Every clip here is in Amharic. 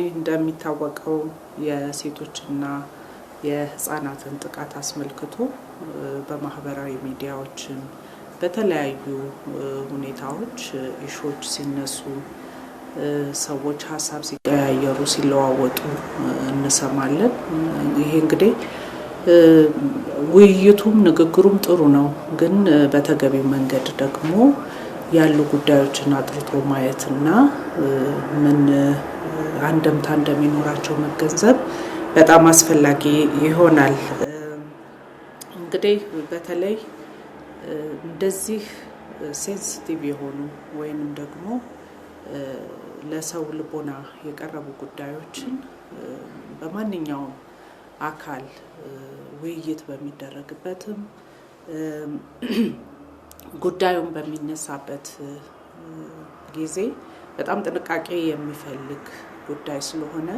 እንደሚታወቀው የሴቶችና የህፃናትን ጥቃት አስመልክቶ በማህበራዊ ሚዲያዎችም በተለያዩ ሁኔታዎች ኢሾች ሲነሱ ሰዎች ሀሳብ ሲቀያየሩ ሲለዋወጡ እንሰማለን። ይሄ እንግዲህ ውይይቱም ንግግሩም ጥሩ ነው፣ ግን በተገቢው መንገድ ደግሞ ያሉ ጉዳዮችን አጥርቶ ማየትና ምን አንደምታ እንደሚኖራቸው መገንዘብ በጣም አስፈላጊ ይሆናል። እንግዲህ በተለይ እንደዚህ ሴንስቲቭ የሆኑ ወይንም ደግሞ ለሰው ልቦና የቀረቡ ጉዳዮችን በማንኛውም አካል ውይይት በሚደረግበትም ጉዳዩን በሚነሳበት ጊዜ በጣም ጥንቃቄ የሚፈልግ ጉዳይ ስለሆነ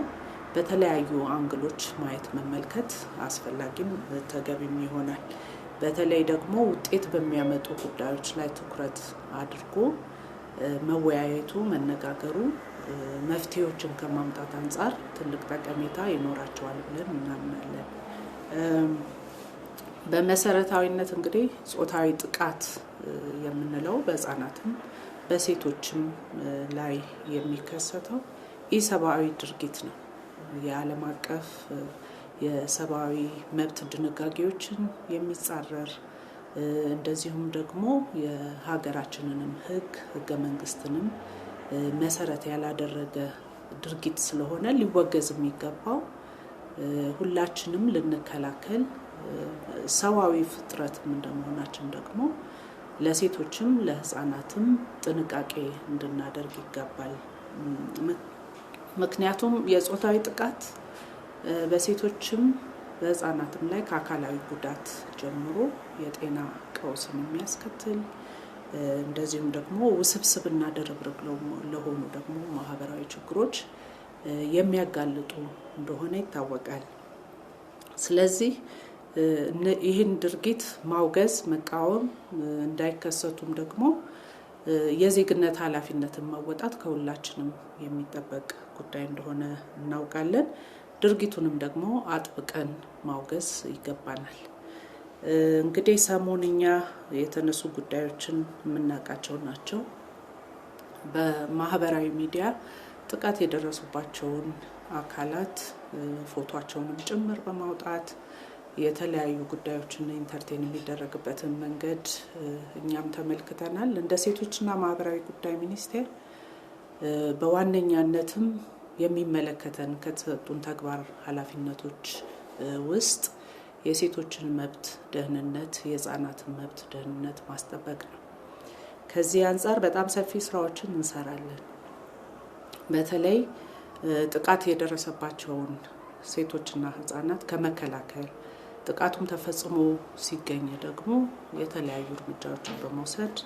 በተለያዩ አንግሎች ማየት መመልከት አስፈላጊም ተገቢም ይሆናል። በተለይ ደግሞ ውጤት በሚያመጡ ጉዳዮች ላይ ትኩረት አድርጎ መወያየቱ፣ መነጋገሩ መፍትሄዎችን ከማምጣት አንጻር ትልቅ ጠቀሜታ ይኖራቸዋል ብለን እናምናለን። በመሰረታዊነት እንግዲህ ጾታዊ ጥቃት የምንለው በህፃናትም በሴቶችም ላይ የሚከሰተው ኢሰብአዊ ድርጊት ነው። የዓለም አቀፍ የሰብአዊ መብት ድንጋጌዎችን የሚጻረር እንደዚሁም ደግሞ የሀገራችንንም ሕግ ሕገ መንግስትንም መሰረት ያላደረገ ድርጊት ስለሆነ ሊወገዝ የሚገባው ሁላችንም ልንከላከል ሰብአዊ ፍጥረትም እንደመሆናችን ደግሞ ለሴቶችም ለህፃናትም ጥንቃቄ እንድናደርግ ይገባል። ምክንያቱም የጾታዊ ጥቃት በሴቶችም በህፃናትም ላይ ከአካላዊ ጉዳት ጀምሮ የጤና ቀውስን የሚያስከትል እንደዚሁም ደግሞ ውስብስብና ድርብርብ ለሆኑ ደግሞ ማህበራዊ ችግሮች የሚያጋልጡ እንደሆነ ይታወቃል። ስለዚህ ይህን ድርጊት ማውገዝ፣ መቃወም እንዳይከሰቱም ደግሞ የዜግነት ኃላፊነትን መወጣት ከሁላችንም የሚጠበቅ ጉዳይ እንደሆነ እናውቃለን። ድርጊቱንም ደግሞ አጥብቀን ማውገዝ ይገባናል። እንግዲህ ሰሞንኛ የተነሱ ጉዳዮችን የምናውቃቸው ናቸው። በማህበራዊ ሚዲያ ጥቃት የደረሱባቸውን አካላት ፎቷቸውንም ጭምር በማውጣት የተለያዩ ጉዳዮችን ኢንተርቴን የሚደረግበትን መንገድ እኛም ተመልክተናል። እንደ ሴቶችና ማህበራዊ ጉዳይ ሚኒስቴር በዋነኛነትም የሚመለከተን ከተሰጡን ተግባር ኃላፊነቶች ውስጥ የሴቶችን መብት ደህንነት፣ የህፃናትን መብት ደህንነት ማስጠበቅ ነው። ከዚህ አንጻር በጣም ሰፊ ስራዎችን እንሰራለን። በተለይ ጥቃት የደረሰባቸውን ሴቶችና ህጻናት ከመከላከል ጥቃቱም ተፈጽሞ ሲገኝ ደግሞ የተለያዩ እርምጃዎችን በመውሰድ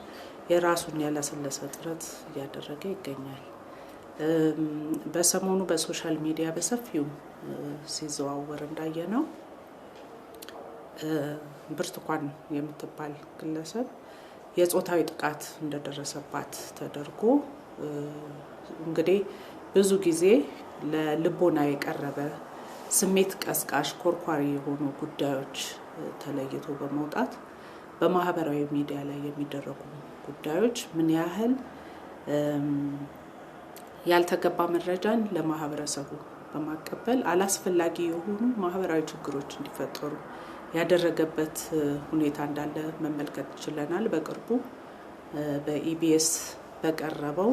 የራሱን ያላሰለሰ ጥረት እያደረገ ይገኛል። በሰሞኑ በሶሻል ሚዲያ በሰፊው ሲዘዋወር እንዳየ ነው ብርቱካን የምትባል ግለሰብ የጾታዊ ጥቃት እንደደረሰባት ተደርጎ እንግዲህ ብዙ ጊዜ ለልቦና የቀረበ ስሜት ቀስቃሽ ኮርኳሪ የሆኑ ጉዳዮች ተለይቶ በመውጣት በማህበራዊ ሚዲያ ላይ የሚደረጉ ጉዳዮች ምን ያህል ያልተገባ መረጃን ለማህበረሰቡ በማቀበል አላስፈላጊ የሆኑ ማህበራዊ ችግሮች እንዲፈጠሩ ያደረገበት ሁኔታ እንዳለ መመልከት ችለናል። በቅርቡ በኢቢኤስ በቀረበው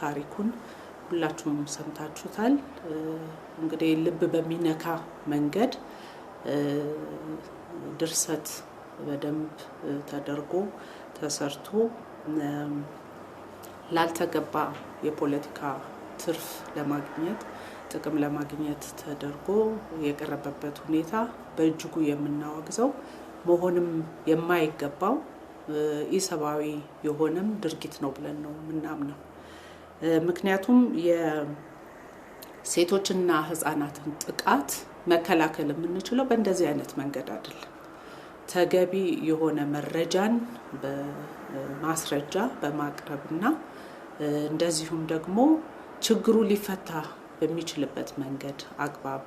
ታሪኩን ሁላችሁም ሰምታችሁታል። እንግዲህ ልብ በሚነካ መንገድ ድርሰት በደንብ ተደርጎ ተሰርቶ ላልተገባ የፖለቲካ ትርፍ ለማግኘት ጥቅም ለማግኘት ተደርጎ የቀረበበት ሁኔታ በእጅጉ የምናወግዘው መሆንም የማይገባው ኢሰብአዊ የሆነም ድርጊት ነው ብለን ነው ምናምነው። ምክንያቱም የሴቶችና ህጻናትን ጥቃት መከላከል የምንችለው በእንደዚህ አይነት መንገድ አይደለም። ተገቢ የሆነ መረጃን በማስረጃ በማቅረብና እንደዚሁም ደግሞ ችግሩ ሊፈታ በሚችልበት መንገድ አግባብ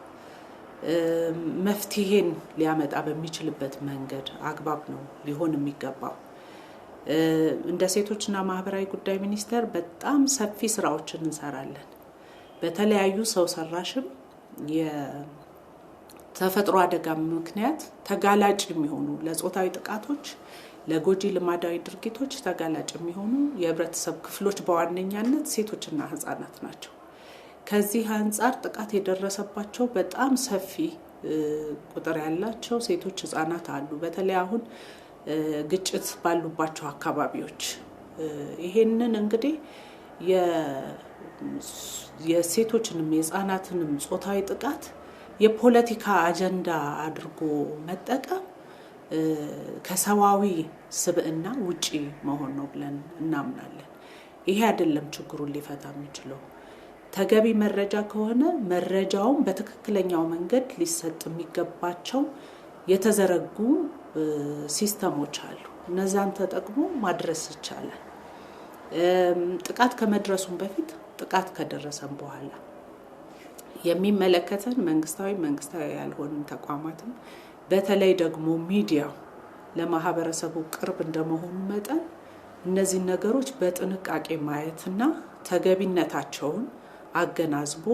መፍትሄን ሊያመጣ በሚችልበት መንገድ አግባብ ነው ሊሆን የሚገባው። እንደ ሴቶችና ማህበራዊ ጉዳይ ሚኒስቴር በጣም ሰፊ ስራዎችን እንሰራለን። በተለያዩ ሰው ሰራሽም የተፈጥሮ አደጋ ምክንያት ተጋላጭ የሚሆኑ ለጾታዊ ጥቃቶች፣ ለጎጂ ልማዳዊ ድርጊቶች ተጋላጭ የሚሆኑ የህብረተሰብ ክፍሎች በዋነኛነት ሴቶችና ህጻናት ናቸው። ከዚህ አንጻር ጥቃት የደረሰባቸው በጣም ሰፊ ቁጥር ያላቸው ሴቶች ህጻናት አሉ። በተለይ አሁን ግጭት ባሉባቸው አካባቢዎች ይሄንን እንግዲህ የሴቶችንም የህፃናትንም ጾታዊ ጥቃት የፖለቲካ አጀንዳ አድርጎ መጠቀም ከሰዋዊ ስብዕና ውጪ መሆን ነው ብለን እናምናለን። ይሄ አይደለም ችግሩን ሊፈታ የሚችለው። ተገቢ መረጃ ከሆነ መረጃውም በትክክለኛው መንገድ ሊሰጥ የሚገባቸው የተዘረጉ ሲስተሞች አሉ። እነዛን ተጠቅሞ ማድረስ ይቻላል። ጥቃት ከመድረሱም በፊት፣ ጥቃት ከደረሰም በኋላ የሚመለከተን መንግስታዊ፣ መንግስታዊ ያልሆኑ ተቋማትም በተለይ ደግሞ ሚዲያው ለማህበረሰቡ ቅርብ እንደመሆኑ መጠን እነዚህን ነገሮች በጥንቃቄ ማየትና ተገቢነታቸውን አገናዝቦ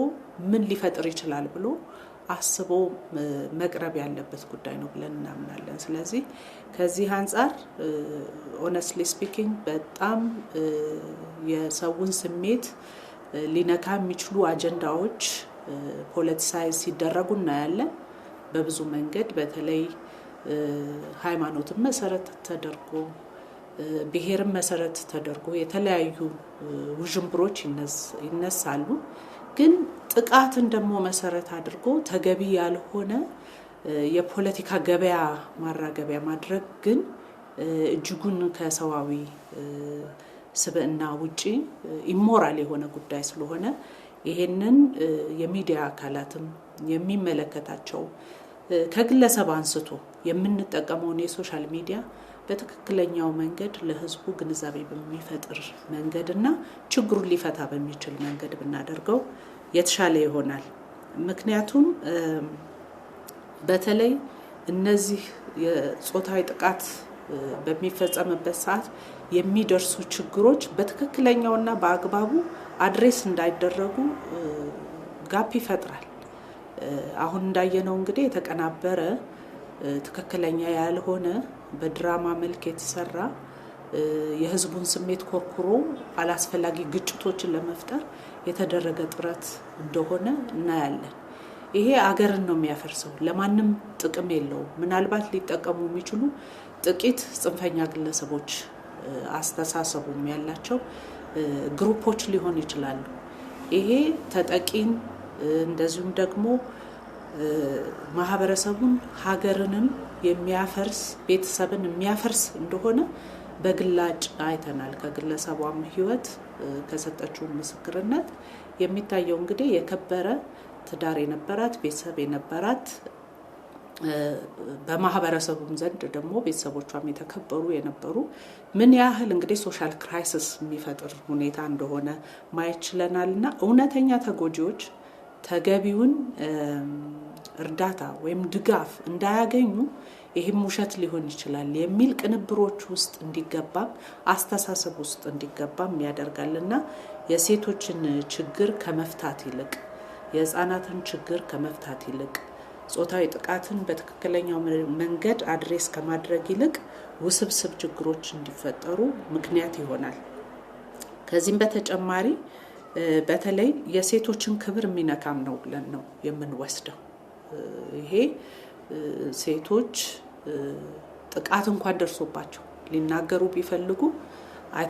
ምን ሊፈጥር ይችላል ብሎ አስቦ መቅረብ ያለበት ጉዳይ ነው ብለን እናምናለን። ስለዚህ ከዚህ አንጻር ኦነስትሊ ስፒኪንግ በጣም የሰውን ስሜት ሊነካ የሚችሉ አጀንዳዎች ፖለቲሳይዝ ሲደረጉ እናያለን። በብዙ መንገድ በተለይ ሃይማኖትን መሰረት ተደርጎ ብሔርን መሰረት ተደርጎ የተለያዩ ውዥንብሮች ይነሳሉ። ግን ጥቃትን ደግሞ መሰረት አድርጎ ተገቢ ያልሆነ የፖለቲካ ገበያ ማራገቢያ ማድረግ ግን እጅጉን ከሰዋዊ ስብዕና ውጪ ኢሞራል የሆነ ጉዳይ ስለሆነ ይሄንን የሚዲያ አካላትም የሚመለከታቸው ከግለሰብ አንስቶ የምንጠቀመውን የሶሻል ሚዲያ በትክክለኛው መንገድ ለህዝቡ ግንዛቤ በሚፈጥር መንገድ እና ችግሩን ሊፈታ በሚችል መንገድ ብናደርገው የተሻለ ይሆናል። ምክንያቱም በተለይ እነዚህ የጾታዊ ጥቃት በሚፈጸምበት ሰዓት የሚደርሱ ችግሮች በትክክለኛውና በአግባቡ አድሬስ እንዳይደረጉ ጋፕ ይፈጥራል። አሁን እንዳየነው እንግዲህ የተቀናበረ ትክክለኛ ያልሆነ በድራማ መልክ የተሰራ የህዝቡን ስሜት ኮርኩሮ አላስፈላጊ ግጭቶችን ለመፍጠር የተደረገ ጥረት እንደሆነ እናያለን። ይሄ አገርን ነው የሚያፈርሰው፣ ለማንም ጥቅም የለውም። ምናልባት ሊጠቀሙ የሚችሉ ጥቂት ጽንፈኛ ግለሰቦች አስተሳሰቡም ያላቸው ግሩፖች ሊሆን ይችላሉ። ይሄ ተጠቂን እንደዚሁም ደግሞ ማህበረሰቡን፣ ሀገርንም የሚያፈርስ ቤተሰብን የሚያፈርስ እንደሆነ በግላጭ አይተናል። ከግለሰቧም ህይወት ከሰጠችው ምስክርነት የሚታየው እንግዲህ የከበረ ትዳር የነበራት ቤተሰብ የነበራት በማህበረሰቡም ዘንድ ደግሞ ቤተሰቦቿም የተከበሩ የነበሩ ምን ያህል እንግዲህ ሶሻል ክራይሲስ የሚፈጥር ሁኔታ እንደሆነ ማየት ችለናል። እና እውነተኛ ተጎጂዎች ተገቢውን እርዳታ ወይም ድጋፍ እንዳያገኙ ይህም ውሸት ሊሆን ይችላል የሚል ቅንብሮች ውስጥ እንዲገባም አስተሳሰብ ውስጥ እንዲገባም ያደርጋል የሴቶችን ችግር ከመፍታት ይልቅ የህፃናትን ችግር ከመፍታት ይልቅ ጾታዊ ጥቃትን በትክክለኛው መንገድ አድሬስ ከማድረግ ይልቅ ውስብስብ ችግሮች እንዲፈጠሩ ምክንያት ይሆናል። ከዚህም በተጨማሪ በተለይ የሴቶችን ክብር የሚነካም ነው ብለን ነው የምንወስደው። ይሄ ሴቶች ጥቃት እንኳን ደርሶባቸው ሊናገሩ ቢፈልጉ አይ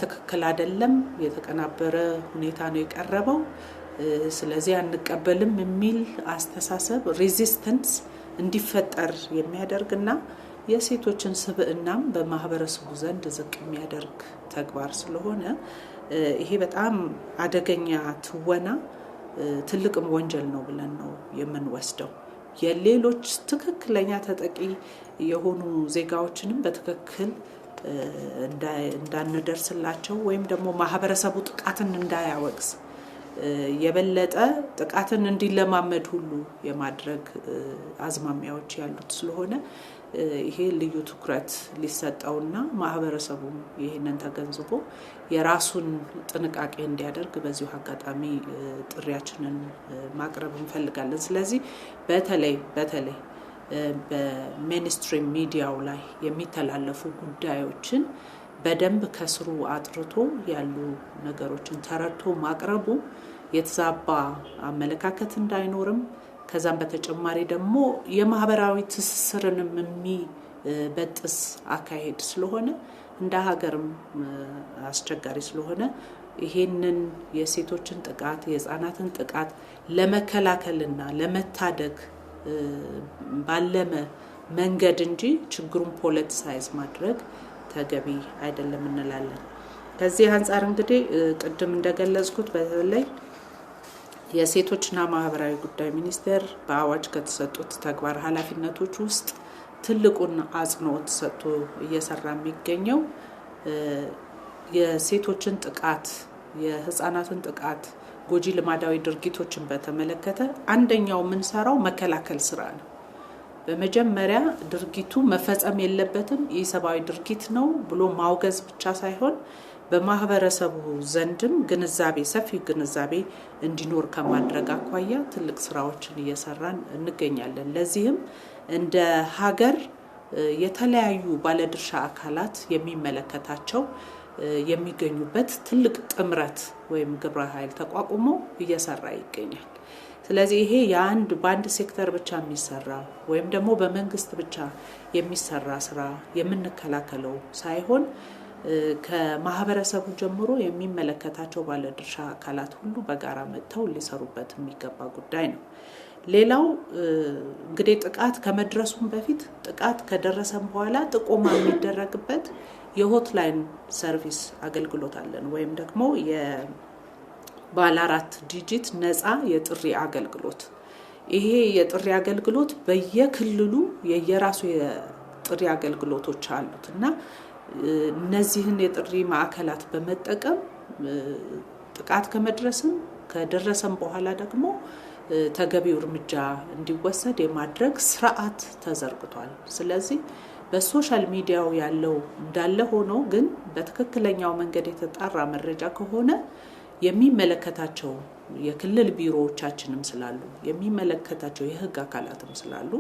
አይደለም፣ የተቀናበረ ሁኔታ ነው የቀረበው፣ ስለዚህ አንቀበልም የሚል አስተሳሰብ ሬዚስተንስ እንዲፈጠር የሚያደርግና የሴቶችን ስብዕናም በማህበረሰቡ ዘንድ ዝቅ የሚያደርግ ተግባር ስለሆነ ይሄ በጣም አደገኛ ትወና፣ ትልቅም ወንጀል ነው ብለን ነው የምንወስደው። የሌሎች ትክክለኛ ተጠቂ የሆኑ ዜጋዎችንም በትክክል እንዳንደርስላቸው ወይም ደግሞ ማህበረሰቡ ጥቃትን እንዳያወቅስ የበለጠ ጥቃትን እንዲለማመድ ሁሉ የማድረግ አዝማሚያዎች ያሉት ስለሆነ ይሄ ልዩ ትኩረት ሊሰጠውና ማህበረሰቡ ይህንን ተገንዝቦ የራሱን ጥንቃቄ እንዲያደርግ በዚሁ አጋጣሚ ጥሪያችንን ማቅረብ እንፈልጋለን። ስለዚህ በተለይ በተለይ በሜንስትሪም ሚዲያው ላይ የሚተላለፉ ጉዳዮችን በደንብ ከስሩ አጥርቶ ያሉ ነገሮችን ተረድቶ ማቅረቡ የተዛባ አመለካከት እንዳይኖርም ከዛም በተጨማሪ ደግሞ የማህበራዊ ትስስርንም የሚበጥስ አካሄድ ስለሆነ እንደ ሀገርም አስቸጋሪ ስለሆነ ይሄንን የሴቶችን ጥቃት የህፃናትን ጥቃት ለመከላከልና ለመታደግ ባለመ መንገድ እንጂ ችግሩን ፖለቲሳይዝ ማድረግ ተገቢ አይደለም እንላለን። ከዚህ አንጻር እንግዲህ ቅድም እንደገለጽኩት በተለይ የሴቶችና ማህበራዊ ጉዳይ ሚኒስቴር በአዋጅ ከተሰጡት ተግባር ኃላፊነቶች ውስጥ ትልቁን አጽንኦት ሰጥቶ እየሰራ የሚገኘው የሴቶችን ጥቃት፣ የህፃናትን ጥቃት፣ ጎጂ ልማዳዊ ድርጊቶችን በተመለከተ አንደኛው የምንሰራው መከላከል ስራ ነው። በመጀመሪያ ድርጊቱ መፈጸም የለበትም፣ የሰብአዊ ድርጊት ነው ብሎ ማውገዝ ብቻ ሳይሆን በማህበረሰቡ ዘንድም ግንዛቤ ሰፊ ግንዛቤ እንዲኖር ከማድረግ አኳያ ትልቅ ስራዎችን እየሰራን እንገኛለን። ለዚህም እንደ ሀገር የተለያዩ ባለድርሻ አካላት የሚመለከታቸው የሚገኙበት ትልቅ ጥምረት ወይም ግብረ ኃይል ተቋቁሞ እየሰራ ይገኛል። ስለዚህ ይሄ የአንድ በአንድ ሴክተር ብቻ የሚሰራ ወይም ደግሞ በመንግስት ብቻ የሚሰራ ስራ የምንከላከለው ሳይሆን ከማህበረሰቡ ጀምሮ የሚመለከታቸው ባለድርሻ አካላት ሁሉ በጋራ መጥተው ሊሰሩበት የሚገባ ጉዳይ ነው። ሌላው እንግዲህ ጥቃት ከመድረሱም በፊት ጥቃት ከደረሰም በኋላ ጥቆማ የሚደረግበት የሆትላይን ሰርቪስ አገልግሎት አለን ወይም ደግሞ የባለ አራት ዲጂት ነፃ የጥሪ አገልግሎት። ይሄ የጥሪ አገልግሎት በየክልሉ የየራሱ የጥሪ አገልግሎቶች አሉት እና እነዚህን የጥሪ ማዕከላት በመጠቀም ጥቃት ከመድረስም ከደረሰም በኋላ ደግሞ ተገቢው እርምጃ እንዲወሰድ የማድረግ ስርዓት ተዘርግቷል። ስለዚህ በሶሻል ሚዲያው ያለው እንዳለ ሆኖ ግን በትክክለኛው መንገድ የተጣራ መረጃ ከሆነ የሚመለከታቸው የክልል ቢሮዎቻችንም ስላሉ የሚመለከታቸው የሕግ አካላትም ስላሉ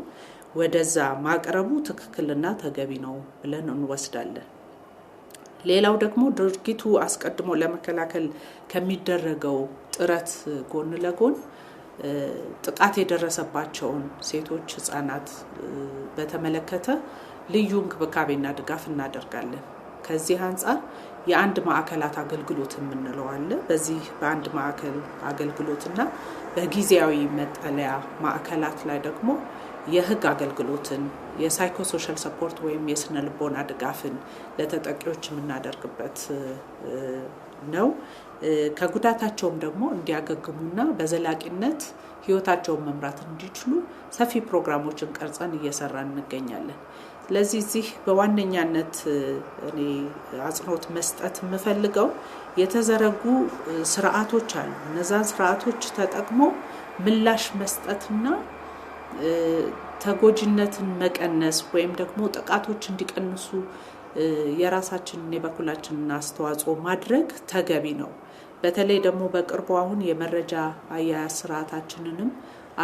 ወደዛ ማቅረቡ ትክክልና ተገቢ ነው ብለን እንወስዳለን። ሌላው ደግሞ ድርጊቱ አስቀድሞ ለመከላከል ከሚደረገው ጥረት ጎን ለጎን ጥቃት የደረሰባቸውን ሴቶች፣ ህጻናት በተመለከተ ልዩ እንክብካቤና ድጋፍ እናደርጋለን። ከዚህ አንጻር የአንድ ማዕከላት አገልግሎት የምንለው አለ። በዚህ በአንድ ማዕከል አገልግሎትና በጊዜያዊ መጠለያ ማዕከላት ላይ ደግሞ የህግ አገልግሎትን፣ የሳይኮሶሻል ሰፖርት ወይም የስነ ልቦና ድጋፍን ለተጠቂዎች የምናደርግበት ነው። ከጉዳታቸውም ደግሞ እንዲያገግሙና በዘላቂነት ህይወታቸውን መምራት እንዲችሉ ሰፊ ፕሮግራሞችን ቀርጸን እየሰራ እንገኛለን። ስለዚህ እዚህ በዋነኛነት እኔ አጽንኦት መስጠት የምፈልገው የተዘረጉ ስርዓቶች አሉ። እነዛን ስርዓቶች ተጠቅሞ ምላሽ መስጠትና ተጎጂነትን መቀነስ ወይም ደግሞ ጥቃቶች እንዲቀንሱ የራሳችንን የበኩላችንን አስተዋጽኦ ማድረግ ተገቢ ነው። በተለይ ደግሞ በቅርቡ አሁን የመረጃ አያያዝ ስርዓታችንንም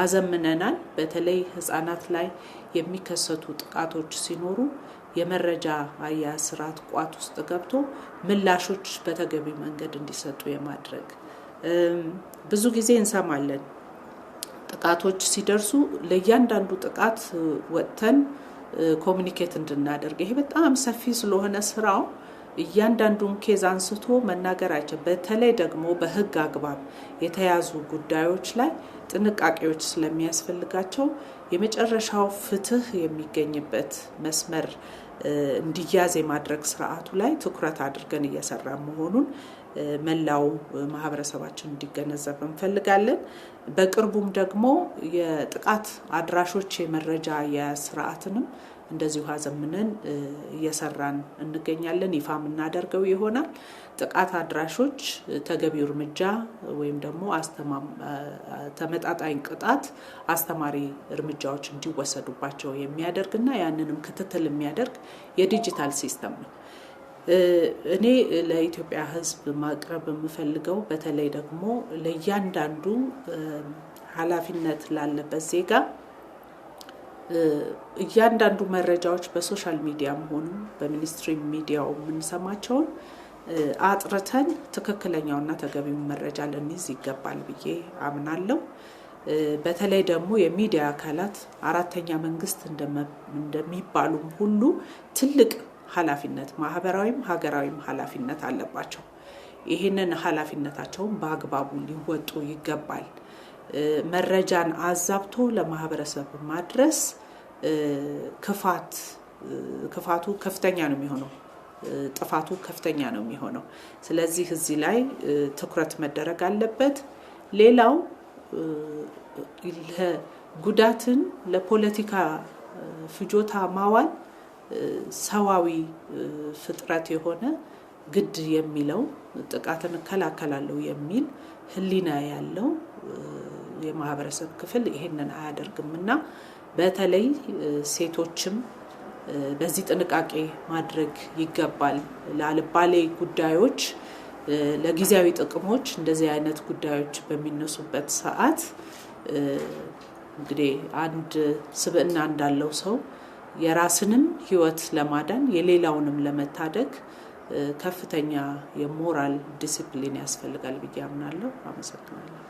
አዘምነናል። በተለይ ህጻናት ላይ የሚከሰቱ ጥቃቶች ሲኖሩ የመረጃ አያያዝ ስርዓት ቋት ውስጥ ገብቶ ምላሾች በተገቢ መንገድ እንዲሰጡ የማድረግ ብዙ ጊዜ እንሰማለን። ጥቃቶች ሲደርሱ ለእያንዳንዱ ጥቃት ወጥተን ኮሚኒኬት እንድናደርግ ይሄ በጣም ሰፊ ስለሆነ ስራው እያንዳንዱን ኬዝ አንስቶ መናገራቸው በተለይ ደግሞ በህግ አግባብ የተያዙ ጉዳዮች ላይ ጥንቃቄዎች ስለሚያስፈልጋቸው የመጨረሻው ፍትህ የሚገኝበት መስመር እንዲያዝ የማድረግ ስርዓቱ ላይ ትኩረት አድርገን እየሰራ መሆኑን መላው ማህበረሰባችን እንዲገነዘብ እንፈልጋለን። በቅርቡም ደግሞ የጥቃት አድራሾች የመረጃ ስርዓትንም። እንደዚህ ውሃ ዘምነን እየሰራን እንገኛለን። ይፋ የምናደርገው ይሆናል። ጥቃት አድራሾች ተገቢው እርምጃ ወይም ደግሞ ተመጣጣኝ ቅጣት፣ አስተማሪ እርምጃዎች እንዲወሰዱባቸው የሚያደርግና ያንንም ክትትል የሚያደርግ የዲጂታል ሲስተም ነው። እኔ ለኢትዮጵያ ሕዝብ ማቅረብ የምፈልገው በተለይ ደግሞ ለእያንዳንዱ ኃላፊነት ላለበት ዜጋ እያንዳንዱ መረጃዎች በሶሻል ሚዲያም ሆኑ በሚኒስትሪ ሚዲያው የምንሰማቸውን አጥርተን ትክክለኛውና ተገቢውን መረጃ ልንይዝ ይገባል ብዬ አምናለሁ። በተለይ ደግሞ የሚዲያ አካላት አራተኛ መንግስት እንደሚባሉም ሁሉ ትልቅ ኃላፊነት ማህበራዊም ሀገራዊም ኃላፊነት አለባቸው። ይህንን ኃላፊነታቸውን በአግባቡ ሊወጡ ይገባል። መረጃን አዛብቶ ለማህበረሰብ ማድረስ ክፋት ክፋቱ ከፍተኛ ነው የሚሆነው፣ ጥፋቱ ከፍተኛ ነው የሚሆነው። ስለዚህ እዚህ ላይ ትኩረት መደረግ አለበት። ሌላው ጉዳትን ለፖለቲካ ፍጆታ ማዋል ሰዋዊ ፍጥረት የሆነ ግድ የሚለው ጥቃትን እከላከላለሁ የሚል ህሊና ያለው የማህበረሰብ ክፍል ይሄንን አያደርግም እና በተለይ ሴቶችም በዚህ ጥንቃቄ ማድረግ ይገባል። ለአልባሌ ጉዳዮች፣ ለጊዜያዊ ጥቅሞች እንደዚህ አይነት ጉዳዮች በሚነሱበት ሰዓት እንግዲህ አንድ ስብዕና እንዳለው ሰው የራስንም ህይወት ለማዳን የሌላውንም ለመታደግ ከፍተኛ የሞራል ዲሲፕሊን ያስፈልጋል ብዬ አምናለሁ። አመሰግናለሁ።